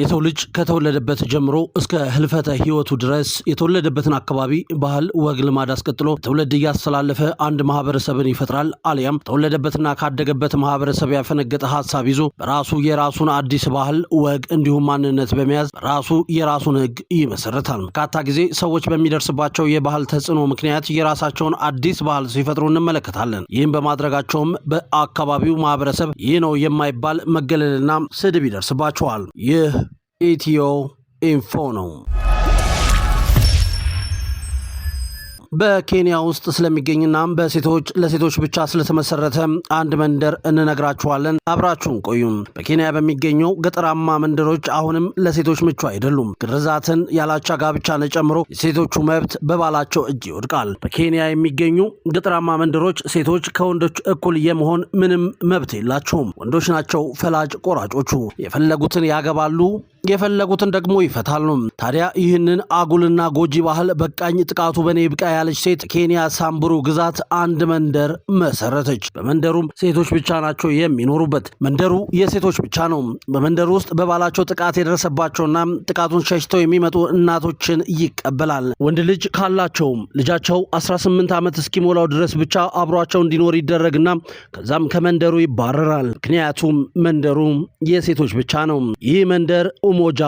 የሰው ልጅ ከተወለደበት ጀምሮ እስከ ህልፈተ ህይወቱ ድረስ የተወለደበትን አካባቢ ባህል፣ ወግ፣ ልማድ አስቀጥሎ ትውልድ እያስተላለፈ አንድ ማህበረሰብን ይፈጥራል። አሊያም ተወለደበትና ካደገበት ማህበረሰብ ያፈነገጠ ሀሳብ ይዞ በራሱ የራሱን አዲስ ባህል፣ ወግ እንዲሁም ማንነት በመያዝ ራሱ የራሱን ህግ ይመሰርታል። በርካታ ጊዜ ሰዎች በሚደርስባቸው የባህል ተጽዕኖ ምክንያት የራሳቸውን አዲስ ባህል ሲፈጥሩ እንመለከታለን። ይህም በማድረጋቸውም በአካባቢው ማህበረሰብ ይህ ነው የማይባል መገለልና ስድብ ይደርስባቸዋል። ይህ ኢትዮ ኢንፎ ነው። በኬንያ ውስጥ ስለሚገኝና በሴቶች ለሴቶች ብቻ ስለተመሰረተ አንድ መንደር እንነግራችኋለን። አብራችሁን ቆዩም። በኬንያ በሚገኘው ገጠራማ መንደሮች አሁንም ለሴቶች ምቹ አይደሉም። ግርዛትን፣ ያላቻ ጋብቻን ጨምሮ የሴቶቹ መብት በባላቸው እጅ ይወድቃል። በኬንያ የሚገኙ ገጠራማ መንደሮች ሴቶች ከወንዶች እኩል የመሆን ምንም መብት የላቸውም። ወንዶች ናቸው ፈላጭ ቆራጮቹ። የፈለጉትን ያገባሉ፣ የፈለጉትን ደግሞ ይፈታሉ። ታዲያ ይህንን አጉልና ጎጂ ባህል በቃኝ ጥቃቱ በእኔ ብቃ ያለች ሴት ኬንያ ሳምብሩ ግዛት አንድ መንደር መሰረተች። በመንደሩም ሴቶች ብቻ ናቸው የሚኖሩበት። መንደሩ የሴቶች ብቻ ነው። በመንደሩ ውስጥ በባላቸው ጥቃት የደረሰባቸውና ጥቃቱን ሸሽተው የሚመጡ እናቶችን ይቀበላል። ወንድ ልጅ ካላቸውም ልጃቸው 18 ዓመት እስኪሞላው ድረስ ብቻ አብሯቸው እንዲኖር ይደረግና ከዛም ከመንደሩ ይባረራል። ምክንያቱም መንደሩ የሴቶች ብቻ ነው። ይህ መንደር ሞጃ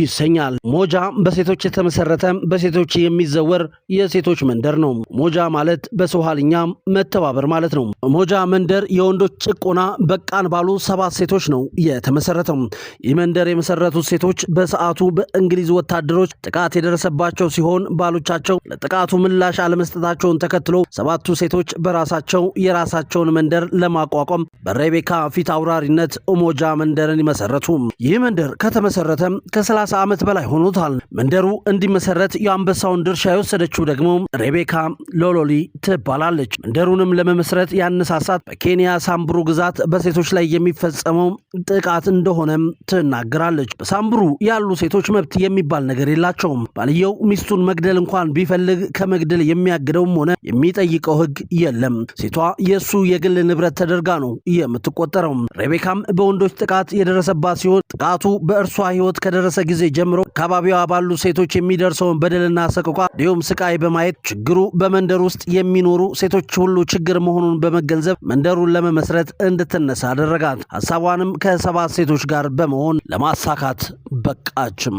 ይሰኛል። ሞጃ በሴቶች የተመሰረተ በሴቶች የሚዘወር የሴቶች መንደር ነው። ሞጃ ማለት በሶሃልኛ መተባበር ማለት ነው። ሞጃ መንደር የወንዶች ጭቆና በቃን ባሉ ሰባት ሴቶች ነው የተመሰረተው። ይህ መንደር የመሰረቱት ሴቶች በሰዓቱ በእንግሊዝ ወታደሮች ጥቃት የደረሰባቸው ሲሆን ባሎቻቸው ለጥቃቱ ምላሽ አለመስጠታቸውን ተከትሎ ሰባቱ ሴቶች በራሳቸው የራሳቸውን መንደር ለማቋቋም በሬቤካ ፊት አውራሪነት ሞጃ መንደርን ይመሰረቱ። ይህ መንደር ከተመሰረ ከተመሰረተ ከ30 ዓመት በላይ ሆኖታል። መንደሩ እንዲመሰረት የአንበሳውን ድርሻ የወሰደችው ደግሞ ሬቤካ ሎሎሊ ትባላለች። መንደሩንም ለመመስረት ያነሳሳት በኬንያ ሳምብሩ ግዛት በሴቶች ላይ የሚፈጸመው ጥቃት እንደሆነም ትናገራለች። በሳምብሩ ያሉ ሴቶች መብት የሚባል ነገር የላቸውም። ባልየው ሚስቱን መግደል እንኳን ቢፈልግ ከመግደል የሚያግደውም ሆነ የሚጠይቀው ሕግ የለም። ሴቷ የእሱ የግል ንብረት ተደርጋ ነው የምትቆጠረው። ሬቤካም በወንዶች ጥቃት የደረሰባት ሲሆን ጥቃቱ በእርሷ ህይወት ከደረሰ ጊዜ ጀምሮ አካባቢዋ ባሉ ሴቶች የሚደርሰውን በደልና ሰቆቃ እንዲሁም ስቃይ በማየት ችግሩ በመንደር ውስጥ የሚኖሩ ሴቶች ሁሉ ችግር መሆኑን በመገንዘብ መንደሩን ለመመስረት እንድትነሳ አደረጋት። ሀሳቧንም ከሰባት ሴቶች ጋር በመሆን ለማሳካት በቃችም።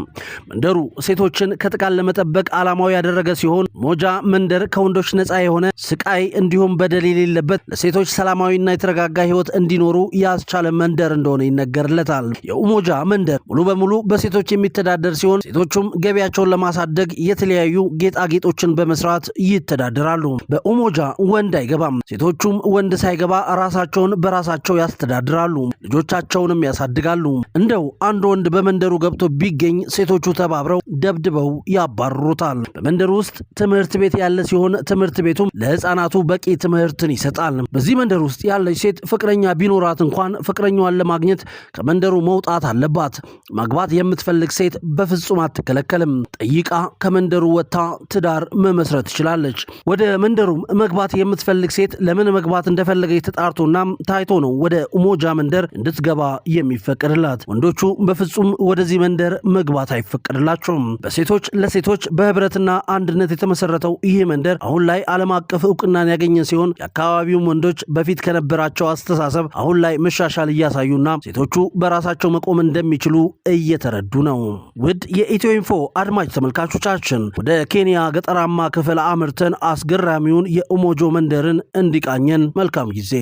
መንደሩ ሴቶችን ከጥቃት ለመጠበቅ ዓላማው ያደረገ ሲሆን ሞጃ መንደር ከወንዶች ነፃ የሆነ ስቃይ እንዲሁም በደል የሌለበት ለሴቶች ሰላማዊና የተረጋጋ ህይወት እንዲኖሩ ያስቻለ መንደር እንደሆነ ይነገርለታል። የኡሞጃ መንደር ሙሉ በሙሉ በሴቶች የሚተዳደር ሲሆን ሴቶቹም ገቢያቸውን ለማሳደግ የተለያዩ ጌጣጌጦችን በመስራት ይተዳደራሉ። በኡሞጃ ወንድ አይገባም። ሴቶቹም ወንድ ሳይገባ ራሳቸውን በራሳቸው ያስተዳድራሉ፣ ልጆቻቸውንም ያሳድጋሉ። እንደው አንድ ወንድ በመንደሩ ገብቶ ቢገኝ ሴቶቹ ተባብረው ደብድበው ያባርሩታል። በመንደሩ ውስጥ ትምህርት ቤት ያለ ሲሆን ትምህርት ቤቱም ለህፃናቱ በቂ ትምህርትን ይሰጣል። በዚህ መንደር ውስጥ ያለች ሴት ፍቅረኛ ቢኖራት እንኳን ፍቅረኛዋን ለማግኘት ከመንደሩ መውጣት አለባት። ማግባት ማግባት የምትፈልግ ሴት በፍጹም አትከለከልም። ጠይቃ ከመንደሩ ወጥታ ትዳር መመስረት ትችላለች። ወደ መንደሩም መግባት የምትፈልግ ሴት ለምን መግባት እንደፈለገች ተጣርቶና ታይቶ ነው ወደ ሞጃ መንደር እንድትገባ የሚፈቀድላት። ወንዶቹ በፍጹም ወደዚህ መንደር መግባት አይፈቀድላቸውም። በሴቶች ለሴቶች በህብረትና አንድነት የተመሰረተው ይህ መንደር አሁን ላይ ዓለም አቀፍ እውቅናን ያገኘ ሲሆን የአካባቢውም ወንዶች በፊት ከነበራቸው አስተሳሰብ አሁን ላይ መሻሻል እያሳዩና ሴቶቹ በራሳቸው መቆም እንደሚችሉ እ እየተረዱ ነው። ውድ የኢትዮ ኢንፎ አድማጭ ተመልካቾቻችን ወደ ኬንያ ገጠራማ ክፍል አምርተን አስገራሚውን የኡሞጆ መንደርን እንዲቃኘን መልካም ጊዜ